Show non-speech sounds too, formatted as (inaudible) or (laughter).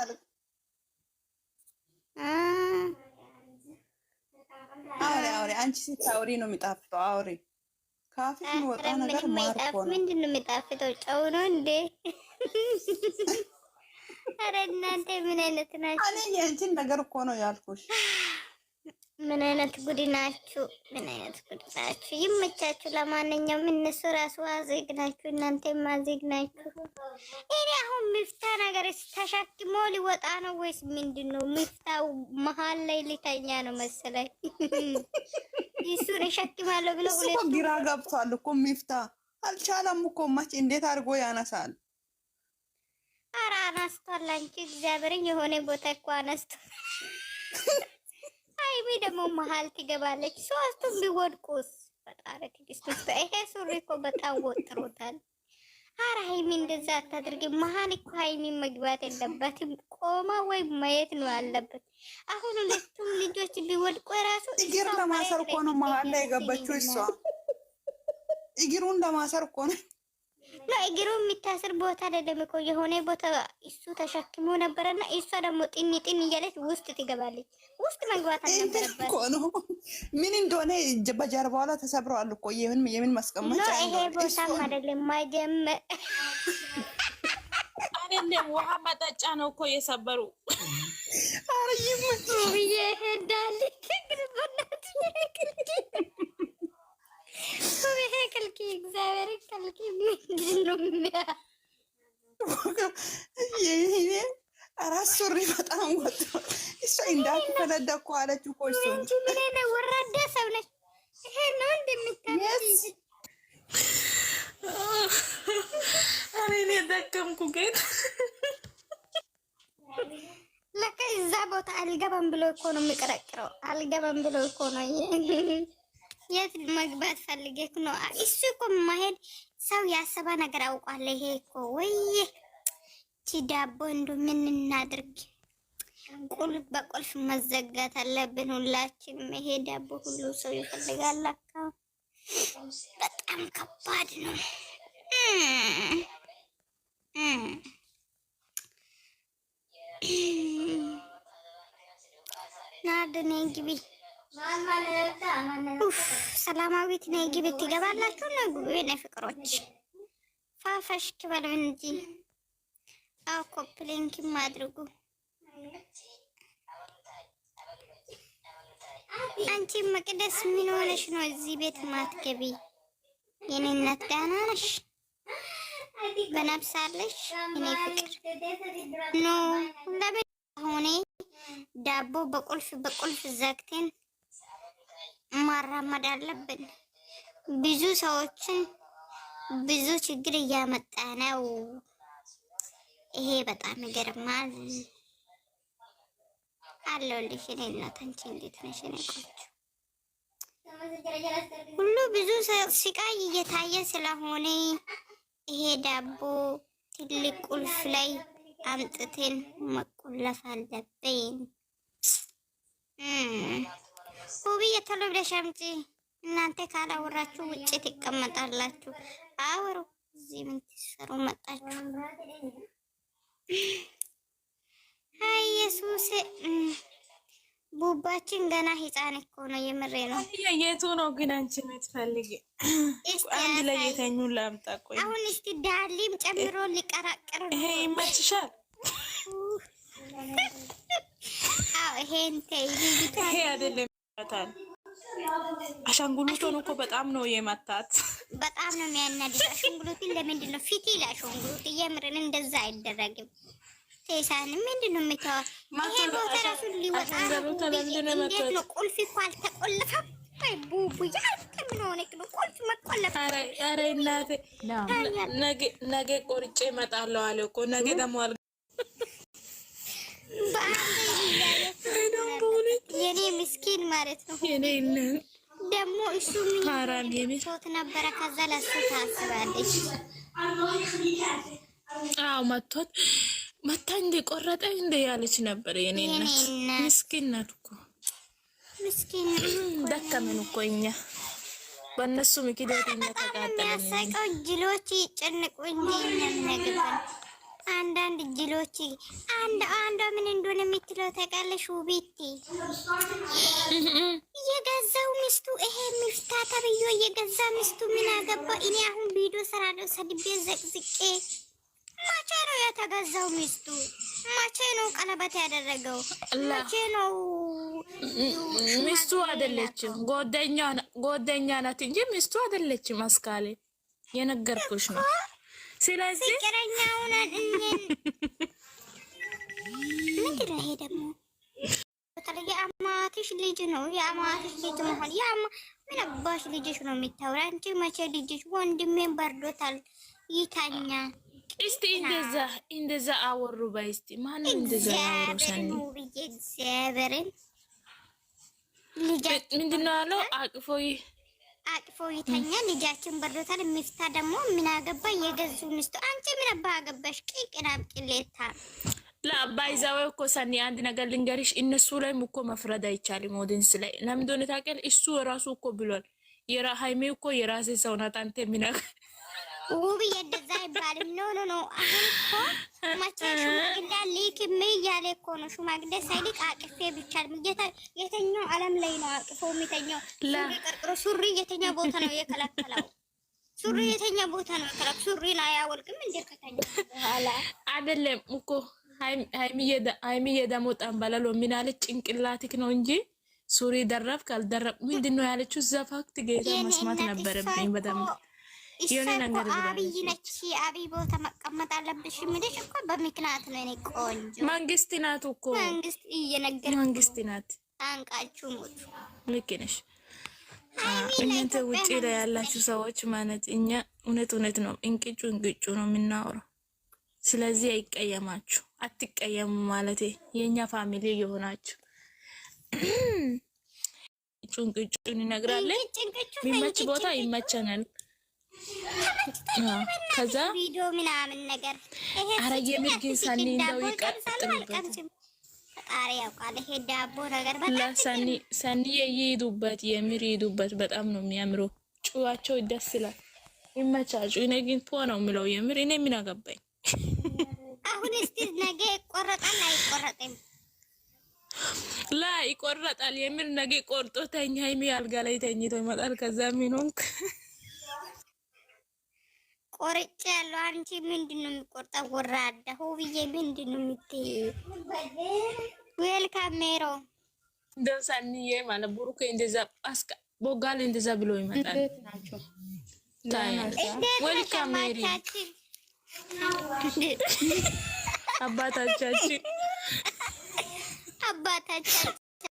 አልቀጠልም። አውሪ አውሪ፣ አንቺ ሴት አውሪ ነው የሚጣፍጠው። አውሪ ከአፍሽ የሚወጣ ነገር ማርኮ ነው። ምንድን ነው የሚጣፍጠው? ጨው ነው እንዴ? ኧረ (laughs) እናንተ ምን አይነት ናቸው? እኔ የአንቺን ነገር እኮ ነው ያልኩሽ። ምን አይነት ጉድ ናችሁ? ምን አይነት ጉድ ናችሁ? ይመቻችሁ። ለማንኛውም እነሱ ራሱ አዜግ ናችሁ፣ እናንተም አዜግ ናችሁ። እኔ አሁን ሚፍታ ነገር ተሸክሞ ሊወጣ ነው ወይስ ምንድን ነው? ሚፍታው መሀል ላይ ሊተኛ ነው መሰለኝ። (laughs) እሱን እሸክማለሁ ብሎ ግራ ገብቷል እኮ ሚፍታ። አልቻለም እኮ ማች እንዴት አድርጎ ያነሳል? አራ አነስቷል። አንቺ እግዚአብሔርን የሆነ ቦታ እኮ አነስቷል። (laughs) ሀይሚ ደግሞ መሀል ትገባለች። ሶስቱም ቢወድቁስ? ፈጣሪ ትግስቱስ። ይሄ ሱሪ እኮ በጣም ወጥሮታል። አረ ሀይሚ እንደዛ አታድርጊ። መሀል እኮ ሀይሚ መግባት የለባትም። ቆማ ወይ ማየት ነው ያለበት። አሁን ሁለቱም ልጆች ቢወድቁ የራሱ እግር ለማሰር እኮ ነው መሀል ላይ የገባችው እሷ። እግሩን ለማሰር እኮ ነው እግሩ የሚታስር ቦታ አይደለም እኮ የሆነ ቦታ እሱ ተሸክሞ ነበረና እሷ ደግሞ ጥን ጥን እያለች ውስጥ ትገባለች። ውስጥ መግባት አልነበረበት ነው። ምን እንደሆነ በጀርባዋ ላይ ተሰብረዋል እኮ የምን የምን ማስቀመጫ ይሄ ቦታ አይደለም። ማጀመር አይደለም ውሃ መጠጫ ነው እኮ የሰበሩ። ይሄ ይሄ ክልኪ እግዚአብሔር ክልኪ ምንድን ነው አራት ሱሪ በጣም ወጥ እሷ እንዳት ፈለደ እኮ አለች እኮ እሱ ወራዳ ሰው ነች። ይሄ ነው እንደምታስ አሬ እኔ ደከምኩ። ግን ለካ እዛ ቦታ አልገባም ብሎ እኮ ነው የሚቀረቅረው። አልገባም ብሎ እኮ ነው የት መግባት ፈልጌ ነው። እሱ እኮ ማሄድ ሰው ያሰባ ነገር አውቋለ። ይሄ እኮ ወይ ዳቦ እንዶ ምን እናድርግ? ቁልፍ በቁልፍ መዘጋት አለብን ሁላችንም። ይሄ ዳቦ ሁሉ ሰው ይፈልጋል። አካ በጣም ከባድ ነው። ናድ ነይ ግቢ፣ ሰላማዊት ነይ ግቢ። ትገባላችሁ ነው ግቢ። ነይ ፍቅሮች ፋፈሽ ክበሉ እንጂ አዎ ኮፕሊንክም አንቺ መቅደስ ምን ሆነሽ ነው እዚህ ቤት ማትገቢ? የኔ እናት ደህና ነሽ? በነብሳለሽ? እኔ ፍቅር ኖ ለምን ሆኔ ዳቦ በቁልፍ በቁልፍ ዘግተን ማራመድ አለብን? ብዙ ሰዎችን ብዙ ችግር እያመጣ ነው። ይሄ በጣም ይገርማል። አለሁልሽ እኔ እናት፣ አንቺ እንዴት ነሽ? እኔ ቆንጆ ሁሉ ብዙ ስቃይ እየታየ ስለሆነ ይሄ ዳቦ ትልቅ ቁልፍ ላይ አምጥተን መቆለፍ አለብን። ውብዬ ቶሎ ብለሽ አምጪ። እናንተ ካላወራችሁ ውጭ ትቀመጣላችሁ። አወሩ እዚህ ምን ትሰሩ መጣችሁ? ኢየሱስ ቡባችን ገና ህፃን እኮ ነው። የምሬ ነው። የቱ ነው ግን አንቺ የምትፈልጊ? አንድ ላይ የተኙ ላምጣ። ቆይ አሁን እስቲ ዳሊም ጨምሮ ሊቀራቅር ነው። ይሄ ይመችሻል? አዎ፣ ይሄን ተይ። ይሄ አይደለም ይመታል። አሻንጉሊቷን እኮ በጣም ነው የመታት በጣም ነው የሚያናድድ። አሻንጉሊት ለምንድን ነው ፊት ይላል አሻንጉሊት የምርን እንደዛ አይደረግም። ቴሳን ምንድን ነው የምታወራው? ይሄ ቦታ ራሱ ሊወጣ እንዴት ነው? ቁልፍ እኮ አልተቆለፈም። ቡቡዬ አንተ ምን ሆነህ ነው? ቁልፍ መቆለፍ። ኧረ እናቴ ነገ ቆርጬ እመጣለሁ አለ እኮ ነገ ደግሞ አል በአንድ የኔ ምስኪን ማለት ነው። የኔ እሱ ምን ሶት ነበረ። ከዛ ለሱ ታስባለች። አዎ መቶት መታ እንደ ቆረጠ እንደ ያለች ነበር። የኔ እናት ምስኪን እኮ ምስኪን (clears throat) እኮ እኛ በእነሱ ምክንያት እኛ ተቃጠልን። ሳይቀው ጅሎች ይጨንቁ እንጂ እኛ አንዳንድ ጅሎች አንድ አንዷ ምን እንደሆነ የምትለው ተቀለሽ ውቤቴ የገዛው ሚስቱ ይሄ ሚፍታ ተብዮ የገዛ ሚስቱ ምን አገባ? እኔ አሁን ቪዲዮ ሰራለው ሰድቤ ዘቅዝቄ። መቼ ነው የተገዛው ሚስቱ? መቼ ነው ቀለበት ያደረገው? መቼ ነው ሚስቱ አይደለችም፣ ጓደኛ ናት እንጂ ሚስቱ አይደለችም። አስካሌ የነገርኩሽ ነው ስለዚህ ፍቅረኛ ምንድን ነው ይሄ ደግሞ? በተለይ የአማትሽ ልጅ ነው። የአማትሽ ልጅ መሆን ያማ ምን አባሽ ልጅሽ ነው የሚታወራ? አንቺ መቼ ልጅሽ ወንድሜን በርዶታል ይታኛ። እስቲ እንደዛ እንደዛ አወሩ ባይ እስቲ ማን እንደዛ አወሩ ሳኒ እግዚአብሔርን ልጅ ምንድን ነው አለው አቅፎ አቅፎ ይተኛል። ልጃችን በርዶታል። የሚፍታ ደግሞ ምን አገባ የገዙ ሚስቱ አንቺ ምን አባ አገባሽ? ቅቅናብ ቅሌታ ለአባይ ዛዋ እኮ ሰኒ አንድ ነገር ልንገርሽ፣ እነሱ ላይ እኮ መፍረድ አይቻልም። ኦዲንስ ላይ ለምንደሆነ እንደሆነ ታውቂያለሽ? እሱ ራሱ እኮ ብሏል። የራ ሀይሜ እኮ የራሴ ሰው ናት። አንተ ምን ውብ የደዛ አይባልም። ኖ ኖ ኖ አሁን እኮ መቼ ሽማግሌ ሊክ ም እያለ እኮ ነው ሽማግሌ ሳይልቅ አቅፌ ብ የተኛው ዓለም ላይ ነው አቅፎ የሚተኛው። ቀርቅሮ ሱሪ የተኛ ቦታ ነው የከለከለው። ሱሪ የተኛ ቦታ ነው የከለከለው። ሱሪን አያወልቅም እንዴ ከተኛ በኋላ አይደለም እኮ ሀይሚዬ ደግሞ ጠንበለሎ ምን አለች? ጭንቅላትክ ነው እንጂ ሱሪ ደረብክ አልደረብክ ምንድን ነው ያለችው? ዘፋክት ጌታ መስማት ነበረብኝ በደምብ አብይ ነች። አብይ ቦታ መቀመጥ አለብሽ የሚልሽ እኮ በምክንያት ነው። እኔ ቆንጆ መንግስት ናት እኮ መንግስት እየነገር መንግስት ናት። አንቃችሁ ሞቱ። ልክ ነሽ። እናንተ ውጭ ላይ ያላችሁ ሰዎች ማለት እኛ እውነት እውነት ነው፣ እንቅጩ እንቅጩ ነው የምናወራው። ስለዚህ አይቀየማችሁ፣ አትቀየሙ ማለት የእኛ ፋሚሊ የሆናችሁ እንቅጩ እንቅጩን ቦታ ይመቸናል። ከዛ ቪዲዮ ምናምን ነገር አረ የምግን ሳኒ እንደው ይቀጥልበት ያውቃል። ይሄ ዳቦ ነገር በጣም ሳኒ ሳኒ የምር ይሄዱበት። በጣም ነው የሚያምረው። ጩዋቸው ደስ ይላል። ይመቻቹ። እኔ ግን ፖ ነው የምለው የምር እኔ ምን አገባኝ። አሁን እስቲ ነገ ይቆረጣል አይቆረጥም? ላ ይቆረጣል። የምር ነገ ቆርጦ ተኛ። ይሚ አልጋ ላይ ተኝቶ ይመጣል። ከዛ ምን ሆንክ ቆርጬ ያለው አንቺ ምንድን ነው የሚቆርጠው? ወራዳ ሁብዬ ምንድን ነው የምትይ? ዌልካም ሜሮ ደሳንዬ ማለት ቡሩኬ እንደዛ አስካ ቦጋሌ እንደዛ ብሎ ይመጣል። ዌልካም ሜሪ አባታቻችን አባታቻችን